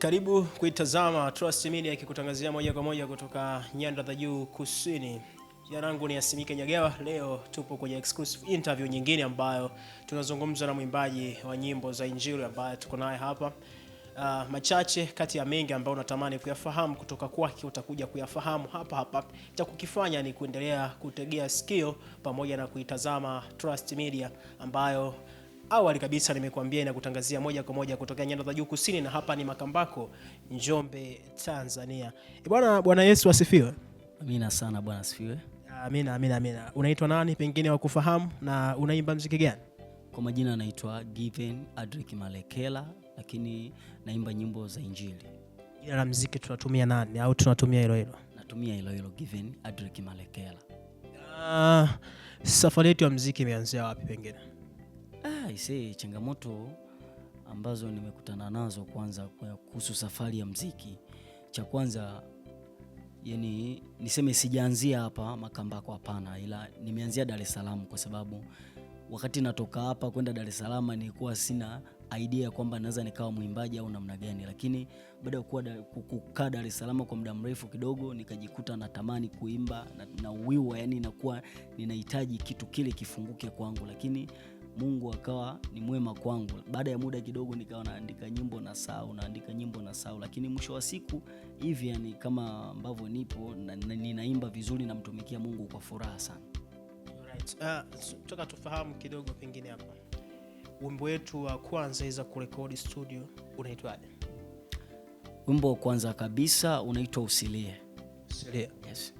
Karibu kuitazama Trust Media ikikutangazia moja kwa moja kutoka nyanda za juu kusini. Jina langu ni Asimike Nyagewa. Leo tupo kwenye exclusive interview nyingine ambayo tunazungumza na mwimbaji wa nyimbo za Injili ambaye tuko naye hapa. Uh, machache kati ya mengi ambayo unatamani kuyafahamu kutoka kwake utakuja kuyafahamu hapa hapa. Cha kukifanya ni kuendelea kutegea sikio pamoja na kuitazama Trust Media ambayo Awali kabisa nimekuambia inakutangazia moja kwa moja kutokea nyanda za juu kusini, na hapa ni Makambako, Njombe, Tanzania. E bwana Bwana Yesu asifiwe. Amina sana, Bwana asifiwe. Amina, amina, amina. Unaitwa nani pengine wakufahamu na unaimba mziki gani? Kwa majina anaitwa Given Adrick Malekela, lakini naimba nyimbo za Injili. Jina la mziki tunatumia nani au tunatumia hilo hilo? Natumia hilo hilo Given Adrick Malekela. Ah, safari yetu ya mziki imeanzia wapi pengine? Aisee, changamoto ambazo nimekutana nazo kwanza kuhusu safari ya mziki, cha kwanza yani niseme sijaanzia hapa Makambako, hapana, ila nimeanzia Dar es Salaam kwa sababu wakati natoka hapa kwenda Dar es Salaam nilikuwa sina idea ya kwamba naweza nikawa mwimbaji au namna gani, lakini baada ya kukaa Dar es Salaam kwa muda mrefu kidogo, nikajikuta natamani kuimba na uwiwa, yani inakuwa ninahitaji kitu kile kifunguke kwangu, lakini Mungu akawa ni mwema kwangu. Baada ya muda kidogo, nikawa naandika nyimbo na sau, naandika nyimbo na sau, lakini mwisho wa siku hivi, yani kama ambavyo nipo na, na, ninaimba vizuri, namtumikia Mungu kwa furaha sana. Right. Uh, ah, toka tufahamu kidogo pengine hapa wimbo wetu wa kwanza iza kurekodi studio unaitwaje? Wimbo wa kwanza kabisa unaitwa Usilie. Usilie. Yes.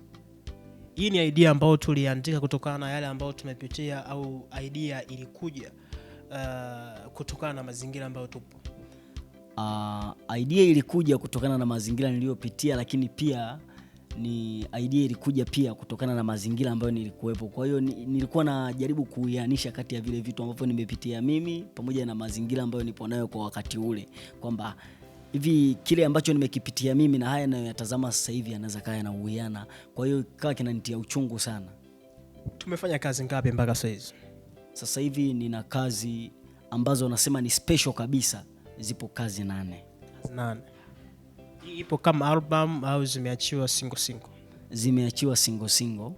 Hii ni idea ambayo tuliandika kutokana na yale ambayo tumepitia, au idea ilikuja uh, kutokana na mazingira ambayo tupo. Uh, idea ilikuja kutokana na mazingira niliyopitia, lakini pia ni idea ilikuja pia kutokana na mazingira ambayo nilikuwepo. Kwa hiyo nilikuwa najaribu kuianisha kati ya vile vitu ambavyo nimepitia mimi pamoja na mazingira ambayo nipo nayo kwa wakati ule kwamba hivi kile ambacho nimekipitia mimi na haya ninayoyatazama sasa hivi yanaweza kaya na uwiana, kwa hiyo ikawa kinanitia uchungu sana. Tumefanya kazi ngapi mpaka sasa hivi? Sasa hivi nina kazi ambazo nasema ni special kabisa, zipo kazi nane. Nane. Ipo kama album au zimeachiwa single Zimeachiwa singo singo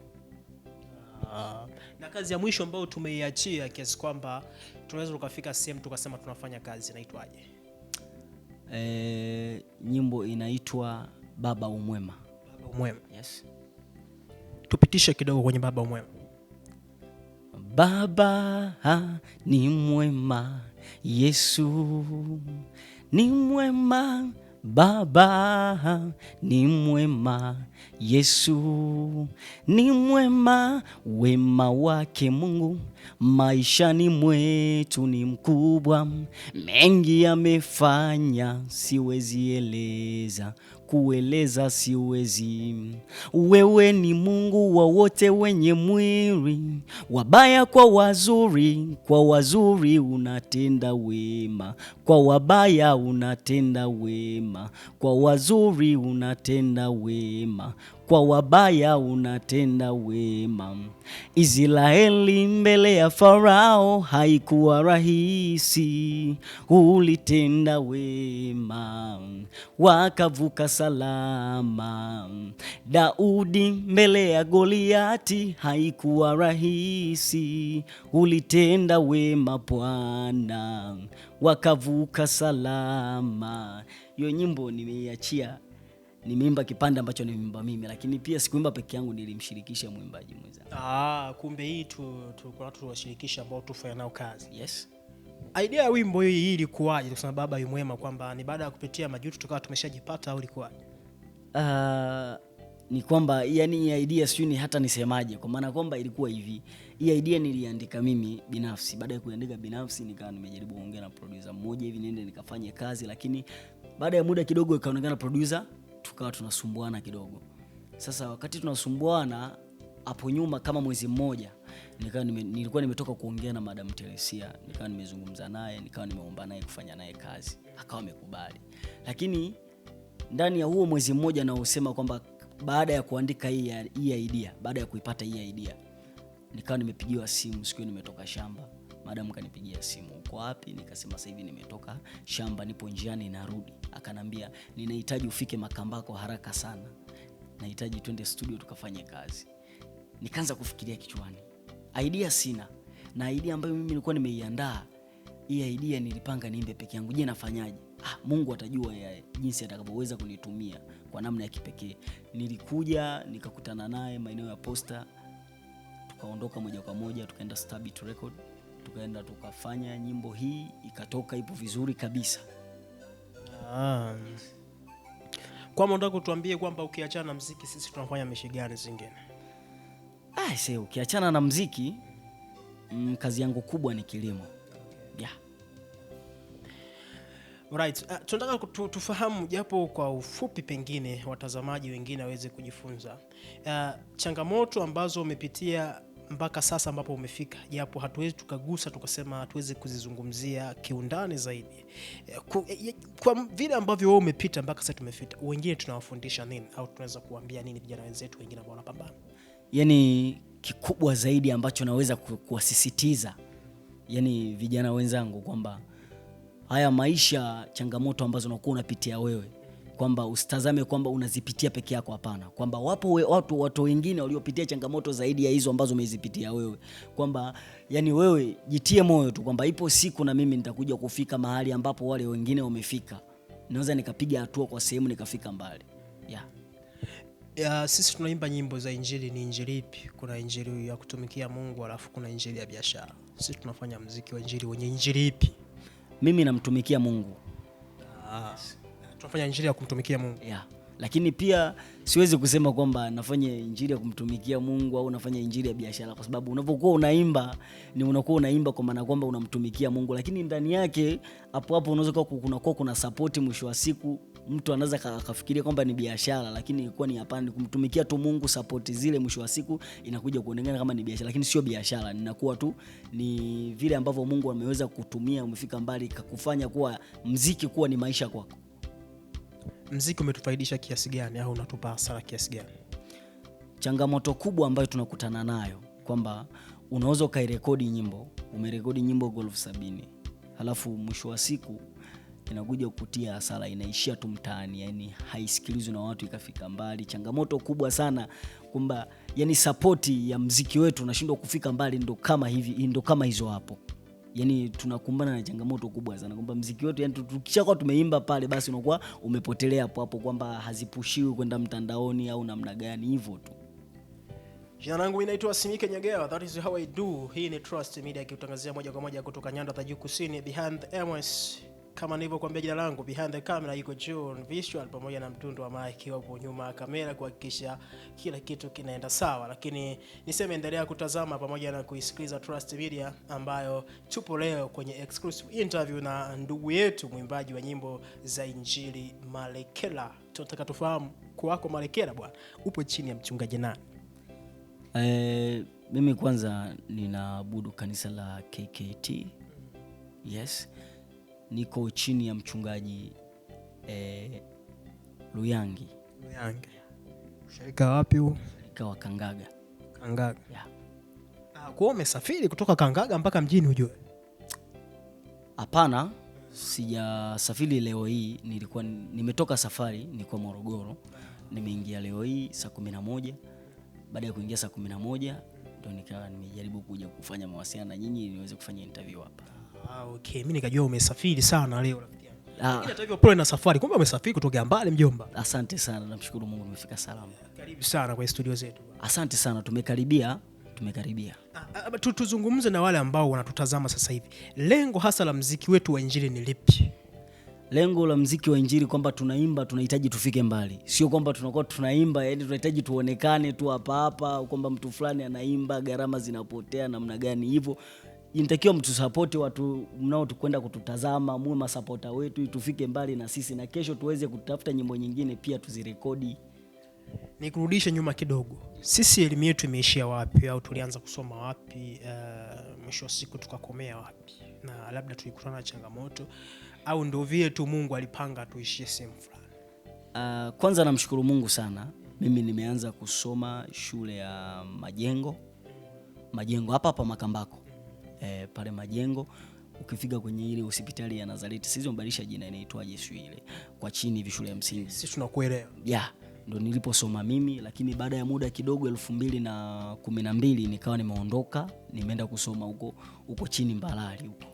ah, na kazi ya mwisho ambayo tumeiachia kiasi kwamba tunaweza tukafika sehemu tukasema tunafanya kazi inaitwaje? e, nyimbo inaitwa Baba Umwema. Umwema. Yes. Tupitishe kidogo kwenye Baba Umwema. Baba ni mwema, Yesu ni mwema Baba ni mwema, Yesu ni mwema, wema wake Mungu ni mwetu ni mkubwa, mengi amefanya siwezi eleza kueleza siwezi. Wewe ni Mungu wa wote wenye mwili, wabaya kwa wazuri, kwa wazuri unatenda wema, kwa wabaya unatenda wema, kwa wazuri unatenda wema kwa wabaya unatenda wema. Israeli mbele ya Farao haikuwa rahisi, ulitenda wema, wakavuka salama. Daudi mbele ya Goliati haikuwa rahisi, ulitenda wema Bwana, wakavuka salama. Hiyo nyimbo nimeiachia nimeimba kipande ambacho nimeimba mimi, lakini pia sikuimba peke yangu, nilimshirikisha mwimbaji mwenzangu. Ah, kumbe hii tu, tu, kuna watu tuwashirikisha ambao tufanya nao kazi. Yes. Idea ya wimbo hii hii ilikuwaje? Kusema baba yumwema kwamba ni baada ya kupitia majuto tukawa tumeshajipata au ilikuwaje? Uh, ni kwamba yani idea sijui ni hata nisemaje, kwa maana kwamba ilikuwa hivi. Hii idea niliandika mimi binafsi. Baada ya kuandika binafsi, nikawa nimejaribu kuongea na producer mmoja hivi, niende nikafanye kazi, lakini baada ya muda kidogo ikaonekana producer kawa tunasumbuana kidogo. Sasa wakati tunasumbuana hapo nyuma kama mwezi mmoja nilikuwa nime, nilikuwa nimetoka kuongea na Madam Teresia, nikawa nimezungumza naye, nikawa nimeomba naye kufanya naye kazi, akawa amekubali. Lakini ndani ya huo mwezi mmoja naosema kwamba baada ya kuandika hii hii idea, baada ya kuipata hii idea, nikawa nimepigiwa simu siku nimetoka shamba Madamu kanipigia simu, uko wapi? Nikasema sasa hivi nimetoka shamba, nipo njiani narudi. Akanambia ninahitaji ufike Makambako haraka sana, nahitaji twende studio tukafanye kazi. Nikaanza kufikiria kichwani, idea sina, na idea ambayo mimi nilikuwa nimeiandaa hii idea nilipanga niimbe peke yangu. Je, nafanyaje? Ah, Mungu atajua ya jinsi atakavyoweza kunitumia kwa namna ya kipekee. Nilikuja nikakutana naye maeneo ya Posta, tukaondoka moja kwa moja tukaenda Stabit Record tukaenda tukafanya nyimbo hii ikatoka, ipo vizuri kabisa. Ah. Yes. Kwama unataka kwamba ukiachana na mziki sisi tunafanya meshi gani zingine? Ah, ukiachana na mziki mm, kazi yangu kubwa ni kilimo. Yeah. Right. Uh, tunataka tufahamu japo kwa ufupi, pengine watazamaji wengine waweze kujifunza uh, changamoto ambazo umepitia mpaka sasa ambapo umefika, japo hatuwezi tukagusa tukasema hatuwezi kuzizungumzia kiundani zaidi eh, kwa, eh, kwa vile ambavyo wewe umepita mpaka sasa tumefita, wengine tunawafundisha nini au tunaweza kuambia nini vijana wenzetu wengine ambao wanapambana? Yani kikubwa zaidi ambacho naweza kuwasisitiza yani vijana wenzangu kwamba haya maisha, changamoto ambazo unakuwa unapitia wewe kwamba usitazame kwamba unazipitia peke yako, hapana, kwamba wapo we, watu watu wengine waliopitia changamoto zaidi ya hizo ambazo umezipitia wewe, kwamba yani wewe jitie moyo tu kwamba ipo siku na mimi nitakuja kufika mahali ambapo wale wengine wamefika, naweza nikapiga hatua kwa sehemu nikafika mbali yeah. Ya, sisi tunaimba nyimbo za injili. Ni injili ipi? Kuna injili ya kutumikia Mungu alafu kuna injili ya biashara. Sisi tunafanya mziki wa injili wenye injili ipi? Mimi namtumikia Mungu. Ah. Yes tunafanya injili ya kumtumikia Mungu yeah. Lakini pia siwezi kusema kwamba nafanya injili ya kumtumikia Mungu au nafanya injili ya biashara, kwa sababu unapokuwa unaimba ni unakuwa unaimba kwa maana kwamba unamtumikia Mungu, lakini ndani yake hapo hapo unaweza kuwa kunakuwa kuna sapoti. Mwisho wa siku mtu anaweza akafikiria kwamba ni biashara, lakini ilikuwa ni hapana, ni kumtumikia tu Mungu. Sapoti zile mwisho wa siku inakuja kuonekana kama ni biashara, lakini sio biashara, ninakuwa tu ni vile ambavyo Mungu ameweza kutumia, umefika mbali, kakufanya kuwa mziki kuwa ni maisha kwako mziki umetufaidisha kiasi gani au unatupa hasara kiasi gani? Changamoto kubwa ambayo tunakutana nayo kwamba unaweza ukairekodi nyimbo, umerekodi nyimbo elfu sabini halafu mwisho wa siku inakuja kutia hasara, inaishia tu mtaani, yani haisikilizwi na watu ikafika mbali. Changamoto kubwa sana kwamba yani sapoti ya mziki wetu unashindwa kufika mbali, ndo kama hivi, ndo kama hizo hapo yani tunakumbana na changamoto kubwa sana kwamba mziki wetu yani, tukishakuwa tumeimba pale, basi unakuwa umepotelea hapo hapo, kwamba hazipushiwi kwenda mtandaoni au namna gani hivyo tu. Jina langu inaitwa Simike Nyegea, that is how I do. Hii ni Trust Media ikitangazia moja kwa moja kutoka nyanda za juu kusini behind the MS kama nilivyokuambia, jina langu behind the camera iko John Visual, pamoja na mtundu wa Mike hapo nyuma ya kamera kuhakikisha kila kitu kinaenda sawa. Lakini niseme endelea kutazama pamoja na kuisikiliza Trust Media, ambayo tupo leo kwenye exclusive interview na ndugu yetu mwimbaji wa nyimbo za Injili Malekela. Tunataka tufahamu kwako Malekela, bwana, upo chini ya mchungaji nani? Eh, mimi kwanza ninaabudu kanisa la KKT. Yes niko chini ya mchungaji eh, Luyangi. Luyangi. Shirika wapi huo? Shirika wa Kangaga. Kangaga. Yeah. Kwa umesafiri kutoka Kangaga mpaka mjini ujue? Hapana, sijasafiri leo hii, nilikuwa nimetoka safari, nilikuwa Morogoro, nimeingia leo hii saa kumi na moja. Baada ya kuingia saa kumi na moja nikawa nimejaribu kuja kufanya mawasiliano na nyinyi niweze kufanya interview hapa. Ah, okay. Mimi nikajua umesafiri sana leo rafiki yangu. Ah. na safari. Kumbe umesafiri kutoka mbali mjomba. Asante sana, namshukuru Mungu nimefika salama. Karibu sana kwa studio zetu. Asante sana, tumekaribia tumekaribia. Ah, ah, ah, tuzungumze na wale ambao wanatutazama sasa hivi. Lengo hasa la mziki wetu wa injili ni lipi? Lengo la mziki wa injili kwamba tunaimba, tunahitaji tufike mbali, sio kwamba tunakuwa tunaimba yani tunahitaji tuonekane tu hapa hapa, kwamba mtu fulani anaimba, gharama zinapotea namna gani hivyo inatakiwa mtusapoti watu mnaotukwenda kututazama, muwe masapota wetu, tufike mbali na sisi, na kesho tuweze kutafuta nyimbo nyingine pia tuzirekodi. Nikurudishe nyuma kidogo, sisi elimu yetu imeishia wapi au tulianza kusoma wapi? Uh, mwisho wa siku tukakomea wapi? Na labda tulikutana na changamoto au ndio vile tu Mungu alipanga tuishie sehemu fulani? Uh, kwanza namshukuru Mungu sana, mimi nimeanza kusoma shule ya majengo majengo hapa hapa Makambako eh, pale Majengo ukifika kwenye ile hospitali ya Nazareti, sisi tumebadilisha jina, inaitwaje sio ile kwa chini hivi shule ya msingi, sisi tunakuelewa yeah ndo niliposoma mimi, lakini baada ya muda kidogo elfu mbili na kumi na mbili nikawa nimeondoka nimeenda kusoma huko huko chini Mbalali huko.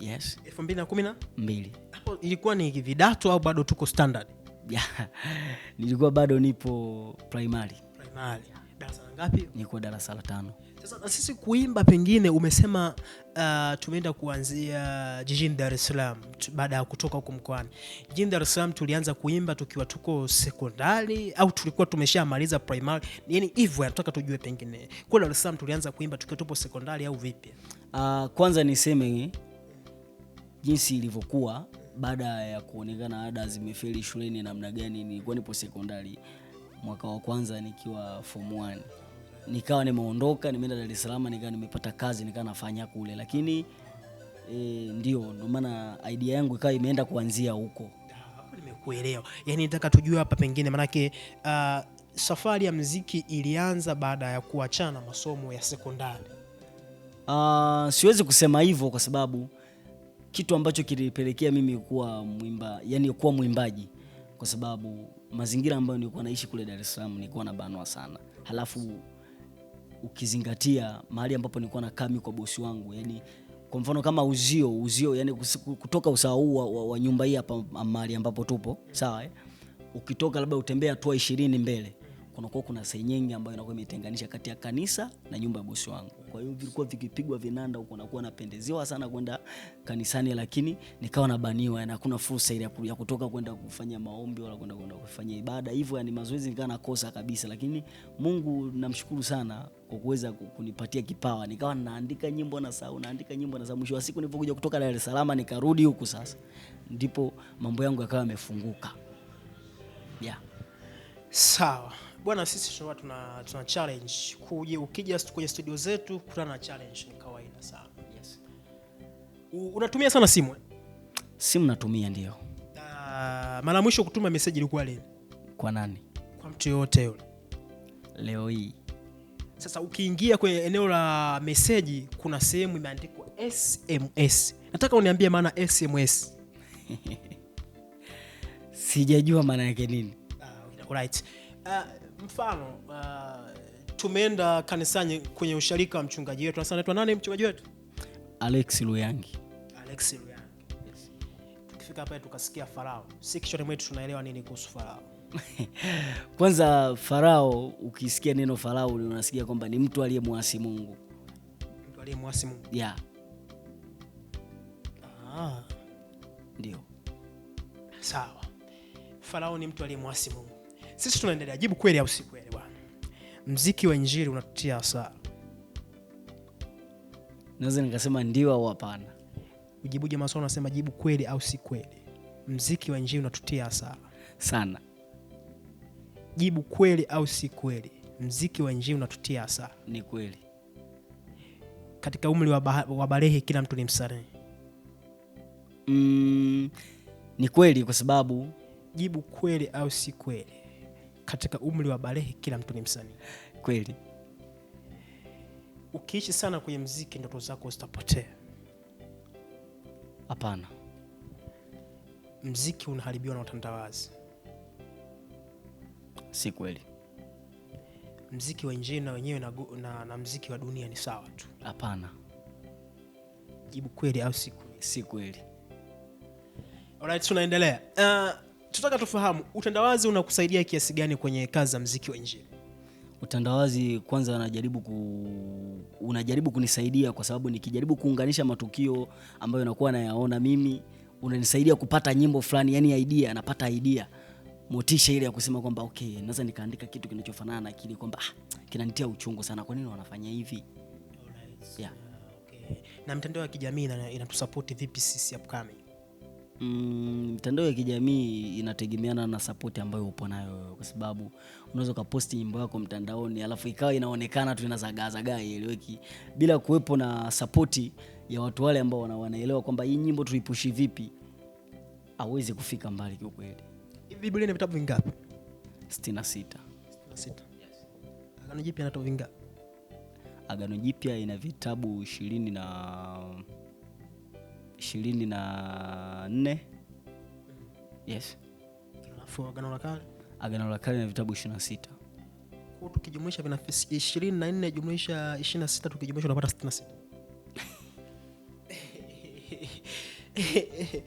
Yes. elfu mbili na kumi na mbili hapo ilikuwa ni vidato au bado tuko standard? Yeah. nilikuwa bado nipo primary. Primary. Darasa ngapi? Nilikuwa darasa la tano. Sasa sisi kuimba, pengine umesema uh, tumeenda kuanzia jijini Dar es Salaam baada ya kutoka huko mkoani. Jijini Dar es Salaam tulianza kuimba tukiwa tuko sekondari au tulikuwa tumeshamaliza primary, yani hivyo. Nataka tujue pengine kwa Dar es Salaam tulianza kuimba tukiwa tupo sekondari au vipi? Uh, kwanza niseme jinsi ilivyokuwa baada ya kuonekana ada zimefeli shuleni namna gani, nilikuwa nipo sekondari mwaka wa kwanza nikiwa form 1 nikawa nimeondoka, nimeenda Dar es Salaam, nikawa nimepata kazi, nikawa nafanya kule, lakini e, ndio ndio maana idea yangu ikawa imeenda kuanzia huko. Ah, nimekuelewa, yani nataka tujue hapa pengine, manake uh, safari ya mziki ilianza baada ya kuachana masomo ya sekondari. Uh, siwezi kusema hivyo kwa sababu kitu ambacho kilipelekea mimi kuwa mwimba, yani kuwa mwimbaji kwa sababu mazingira ambayo nilikuwa naishi kule Dar es Salaam nilikuwa nabanwa sana, halafu ukizingatia mahali ambapo nilikuwa na kami kwa bosi wangu, yani kwa mfano kama uzio uzio, yani kutoka usawa huu wa, wa, wa nyumba hii hapa mahali ambapo tupo sawa eh? Ukitoka labda utembea hatua ishirini mbele kunakuwa kuna senyenge ambayo inakuwa imetenganisha kati ya kanisa na nyumba ya bosi wangu. Kwa hiyo vilikuwa vikipigwa vinanda huko, nakuwa napendeziwa sana kwenda kanisani, lakini nikawa nabaniwa, yani hakuna fursa ile ya kutoka kwenda kufanya maombi wala kwenda kwenda kufanya ibada hivyo, yani mazoezi nikawa nakosa kabisa. Lakini Mungu namshukuru sana kwa kuweza kunipatia kipawa, nikawa naandika nyimbo na sahau, naandika nyimbo na sahau. Mwisho wa siku nilipokuja kutoka Dar es Salaam nikarudi huku sasa, ndipo mambo yangu yakawa yamefunguka, yeah. Sawa bwana, sisi tunakuwa tuna, tuna challenge kuje, ukija kwenye studio zetu kutana na challenge ni kawaida sana. Yes. Unatumia sana simu? Eh? Simu natumia ndio. Uh, mara mwisho kutuma message ilikuwa lini? Kwa nani? Kwa mtu yoyote yule. Leo hii. Sasa ukiingia kwenye eneo la meseji kuna sehemu imeandikwa SMS. Nataka uniambie maana SMS. Sijajua maana yake nini. Uh, right. Uh, mfano uh, tumeenda kanisani kwenye ushirika wa mchungaji wetu, hasa anaitwa nani mchungaji wetu? Alex Luyangi. Alex Luyangi. Yes. Tukifika hapa tukasikia Farao, si kichwani mwetu tunaelewa nini kuhusu Farao? Kwanza Farao, ukisikia neno Farao unasikia kwamba ni mtu aliyemwasi Mungu, mtu aliyemwasi Mungu. ya Yeah. Ah. Ndio. Sawa. Farao ni mtu aliyemwasi Mungu. Sisi tunaendelea, jibu kweli au si kweli bwana. Mziki wa injili unatutia hasara. Naweza nikasema ndio au hapana. Ujibuje maswali, unasema jibu kweli au si kweli? Mziki wa injili unatutia hasara sana. Jibu kweli au si kweli? Mziki wa injili unatutia hasara. Ni kweli. Katika umri wa barehi kila mtu ni msanii. Mm, ni kweli kwa sababu. Jibu kweli au si kweli? katika umri wa balehe kila mtu ni msanii kweli. Ukiishi sana kwenye mziki, ndoto zako zitapotea. Hapana, mziki unaharibiwa na utandawazi. Si kweli, mziki wa injini na wenyewe na, na, na mziki wa dunia ni sawa tu. Hapana, jibu kweli au si kweli? Si kweli. tunaendelea uh, tutaka tufahamu utandawazi unakusaidia kiasi gani kwenye kazi za muziki wa Injili? Utandawazi kwanza unajaribu ku, unajaribu kunisaidia kwa sababu nikijaribu kuunganisha matukio ambayo nakuwa nayaona mimi, unanisaidia kupata nyimbo fulani, yani idea, napata idea motisha ile ya kusema kwamba okay, naweza nikaandika kitu kinachofanana na kile, kwamba ah, kinanitia uchungu sana, kwa nini wanafanya hivi? Yeah. Okay. Na mtandao wa kijamii inatusapoti vipi sisi upcoming? Mm, mtandao mm, ya kijamii inategemeana na sapoti ambayo upo nayo, kwa sababu unaweza ukaposti nyimbo yako mtandaoni alafu ikawa inaonekana tu inazagaazagaa ieleweki bila kuwepo na sapoti ya watu wale ambao wanaelewa kwamba hii nyimbo tuipushi vipi, hawezi kufika mbali kiukweli. Biblia ina vitabu vingapi? 66. Jipya ina vitabu Agano Jipya ina vitabu ishirini na ishirini na nne yes. Agano la Kale, Agano la Kale na vitabu ishirini na sita tukijumuisha vina ishirini na nne jumuisha ishirini na sita tukijumuisha unapata sitini na sita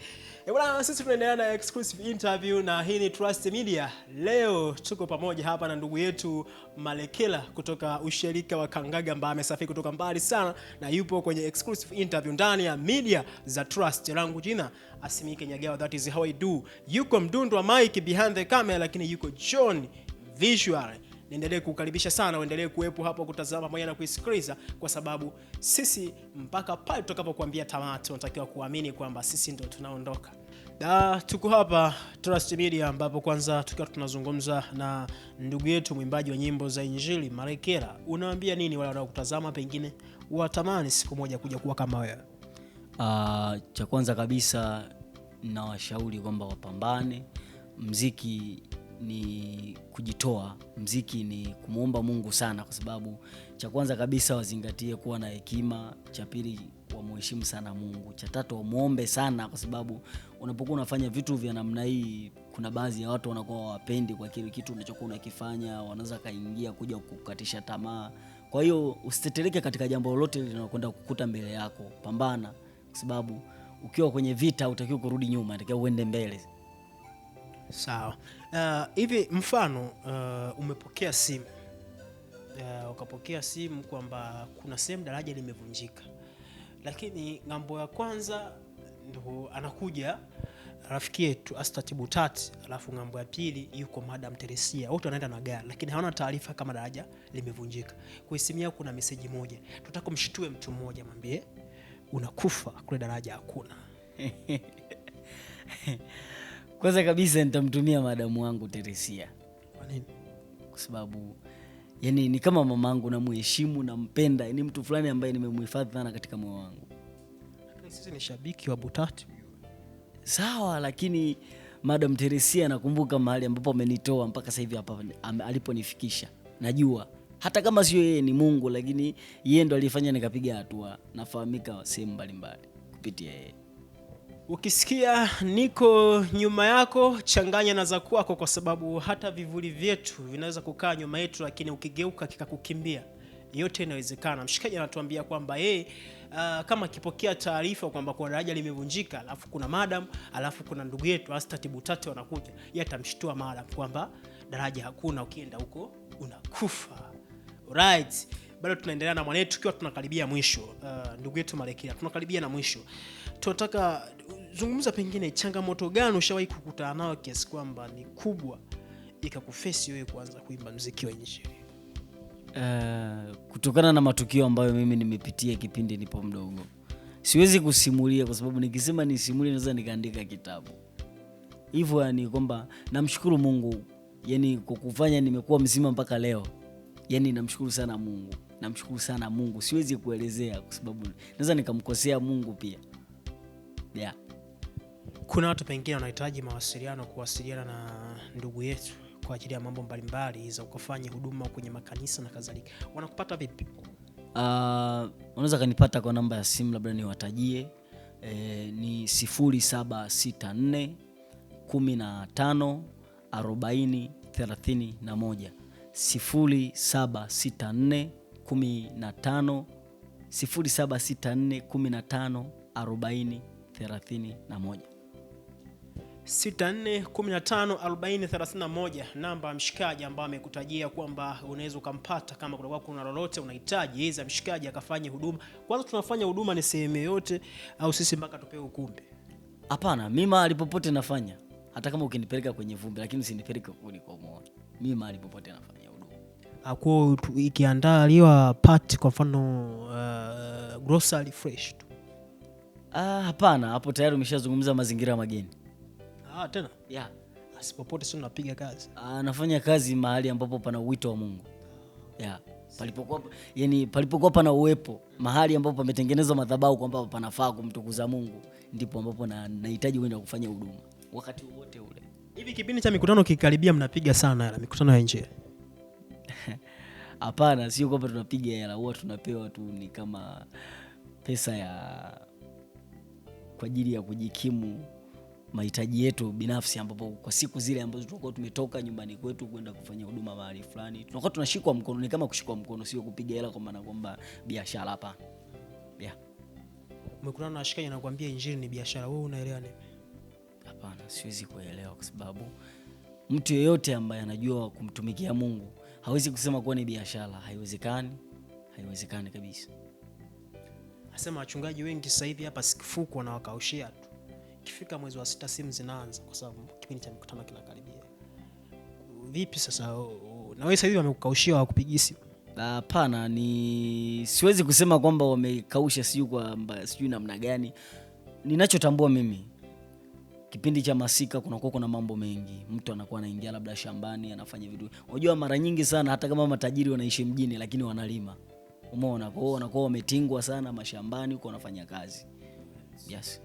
Eh, bwana, sisi tunaendelea na exclusive interview na hii ni Trust Media. Leo tuko pamoja hapa na ndugu yetu Malekela kutoka ushirika wa Kangaga ambaye amesafiri kutoka mbali sana na yupo kwenye exclusive interview ndani ya media za Trust. Langu jina Asimike Nyagawa, that is how I do. Yuko mdundwa Mike behind the camera, lakini yuko John visual niendelee kukaribisha sana, uendelee kuwepo hapo kutazama pamoja na kuisikiliza, kwa sababu sisi mpaka pale tutakapokuambia tamati, unatakiwa kuamini kwamba sisi ndio tunaondoka. Da, tuko hapa Trust Media ambapo kwanza tukiwa tunazungumza na ndugu yetu mwimbaji wa nyimbo za Injili Marekera. Unawaambia nini wale wanaokutazama pengine watamani siku moja kuja kuwa kama wewe? Uh, cha kwanza kabisa nawashauri kwamba wapambane mziki ni kujitoa, mziki ni kumwomba Mungu sana, kwa sababu cha kwanza kabisa wazingatie kuwa na hekima, cha pili wamuheshimu sana Mungu, cha tatu wamuombe sana, kwa sababu unapokuwa unafanya vitu vya namna hii, kuna baadhi ya watu wanakuwa wapendi kwa kile kitu unachokuwa unakifanya, wanaweza kaingia kuja kukatisha tamaa. Kwa hiyo usitetereke katika jambo lolote linakwenda kukuta mbele yako, pambana, kwa sababu ukiwa kwenye vita utakiwa kurudi nyuma, takiwa uende mbele. Sawa. Hivi mfano uh, umepokea simu uh, ukapokea simu kwamba kuna sehemu daraja limevunjika, lakini ng'ambo ya kwanza ndo anakuja rafiki yetu Astatibu Butati, alafu ng'ambo ya pili yuko Madam Teresia, wote wanaenda na gari, lakini hawana taarifa kama daraja limevunjika. Kwa simu yao kuna meseji moja, tutaka mshtue mtu mmoja, mwambie unakufa kule, daraja hakuna Kwanza kabisa nitamtumia madamu wangu Teresia. Kwa Kwa sababu yani ni kama mamangu, namuheshimu, nampenda, ni mtu fulani ambaye nimemuhifadhi sana katika moyo wangu. Sisi ni shabiki wa Butati. Sawa, lakini Madam Teresia nakumbuka mahali ambapo amenitoa mpaka sasa hivi hapa aliponifikisha. Najua hata kama sio yeye ni Mungu, lakini yeye ndo alifanya nikapiga hatua. Nafahamika sehemu mbalimbali kupitia yeye. Ukisikia niko nyuma yako, changanya na za kwako, kwa sababu hata vivuli vyetu vinaweza kukaa nyuma yetu, lakini ukigeuka kikakukimbia, yote inawezekana. Mshikaji anatuambia kwamba yeye uh, kama akipokea taarifa kwamba kuna daraja limevunjika, alafu kuna madam, alafu kuna ndugu yetu Astati Tibutate wanakuja, yeye atamshtua madam kwamba daraja hakuna, ukienda huko unakufa. Alright, bado tunaendelea na mwanetu, tukiwa tunakaribia mwisho. Uh, ndugu yetu Marekia, tunakaribia na mwisho tunataka zungumza pengine changamoto gani ushawahi kukutana nayo kiasi kwamba ni kubwa ikakufesi wewe kuanza kuimba mziki wa injili? Uh, kutokana na matukio ambayo mimi nimepitia kipindi nipo mdogo, siwezi kusimulia kwa sababu nikisema nisimulie naweza nikaandika kitabu hivyo. Yani kwamba namshukuru Mungu yani kwa kufanya nimekuwa mzima mpaka leo, yani namshukuru sana Mungu, namshukuru sana Mungu, siwezi kuelezea kwa sababu naweza nikamkosea Mungu pia yeah. Kuna watu pengine wanahitaji mawasiliano, kuwasiliana na ndugu yetu kwa ajili ya mambo mbalimbali za ukafanya huduma kwenye makanisa na kadhalika, wanakupata vipi? Uh, unaweza kanipata kwa namba ya simu, labda niwatajie e, ni sifuri sifuri saba saba sita sita nne nne kumi kumi na na na tano arobaini thelathini moja tano sifuri saba sita nne kumi na tano arobaini 31 64 namba ya mshikaji ambayo amekutajia kwamba unaweza ukampata kama kutakuwa kuna lolote unahitaji za mshikaji akafanye huduma. Kwanza tunafanya huduma ni sehemu yoyote au sisi mpaka tupewe ukumbi? Hapana, mimi mahali popote nafanya, hata kama ukinipeleka kwenye vumbi, lakini kwa ulikomuona. Mimi mahali popote nafanya huduma. Hakuwa ah, ikiandaliwa pati, kwa mfano uh, grocery fresh Ah, hapana, hapo tayari umeshazungumza mazingira mageni. Ah, tena? Yeah. Asipopote ah, sio napiga kazi. Ah, nafanya kazi mahali ambapo pana wito wa Mungu. Yeah. Palipokuwa yani, palipokuwa pana uwepo mahali ambapo pametengenezwa madhabahu kwamba panafaa kumtukuza Mungu, ndipo ambapo nahitaji kwenda kufanya huduma wakati wote ule. Hivi kipindi cha mikutano kikaribia, mnapiga sana hela mikutano ya nje? Hapana, sio kwamba tunapiga hela, huwa tunapewa tu ni kama pesa ya kwa ajili ya kujikimu mahitaji yetu binafsi, ambapo kwa siku zile ambazo tulikuwa tumetoka nyumbani kwetu kwenda kufanya huduma mahali fulani, tunakuwa tunashikwa mkono. Ni kama kushikwa mkono, sio kupiga hela kwa maana kwamba biashara, hapa yeah. Umekutana na washikaji anakuambia injili ni biashara, wewe unaelewa nini? Hapana, siwezi kuelewa, kwa sababu mtu yeyote ambaye anajua kumtumikia Mungu hawezi kusema kuwa ni biashara. Haiwezekani, haiwezekani kabisa. Nasema wachungaji wengi sasa hivi hapa sikifukwa na wakaushia tu. Ikifika mwezi wa sita simu zinaanza kwa sababu kipindi cha mikutano kinakaribia. Vipi sasa na wewe sasa hivi wamekukaushia wakupigia simu? Hapana, ni siwezi kusema kwamba wamekausha, sijui kwamba sijui namna gani. Ninachotambua mimi kipindi cha masika kunakuwa kuna mambo mengi, mtu anakuwa anaingia labda shambani anafanya vitu. Unajua mara nyingi sana hata kama matajiri wanaishi mjini, lakini wanalima Umeona, kwa hiyo wanakuwa wametingwa sana mashambani huko wanafanya kazi. Yes.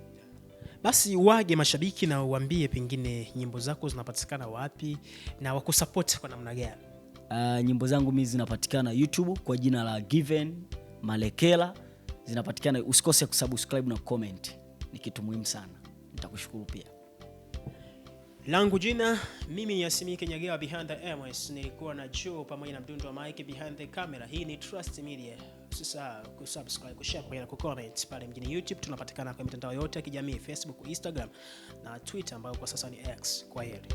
Basi wage mashabiki na uambie pengine nyimbo zako zinapatikana wapi na wakusapoti kwa namna gani? Uh, nyimbo zangu mimi zinapatikana YouTube kwa jina la Given Malekela zinapatikana, usikose kusubscribe na comment, ni kitu muhimu sana. Nitakushukuru pia langu jina mimi ni Yasmin Kenyagewa behind the MS, nilikuwa na Joe pamoja na mdundo wa Mike behind the camera. Hii ni Trust Media. Usisahau kusubscribe, kushare pamoja na kucomment pale mjini YouTube. Tunapatikana kwenye mitandao yote ya kijamii Facebook, Instagram na Twitter ambayo kwa sasa ni X. Kwa heri.